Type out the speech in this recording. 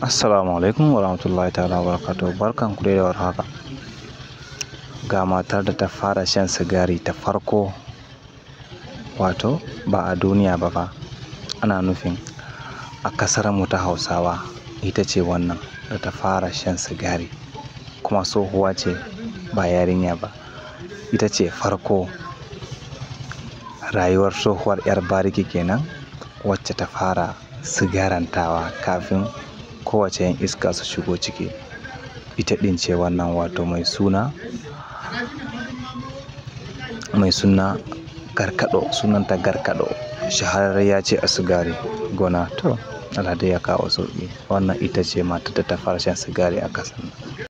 Assalamu alaikum wa rahmatullahi ta'ala wa barkan ku da warhaka ga matar da ta fara shan sigari ta farko wato ba a duniya ba fa ana nufin a kasar mu ta Hausawa ita ce wannan da ta fara shan sigari kuma tsohuwa ce ba yarinya ba ita ce farko rayuwar tsohuwar 'yar bariki kenan wacce ta fara sigarantawa kafin kowace yan iska su shigo ciki ita ɗin ce wannan wato mai suna mai suna garkado sunanta garkado shahararriya ce a sigari gona to alade ya kawo sauki wannan ita ce matar da ta fara shan sigari a ƙasar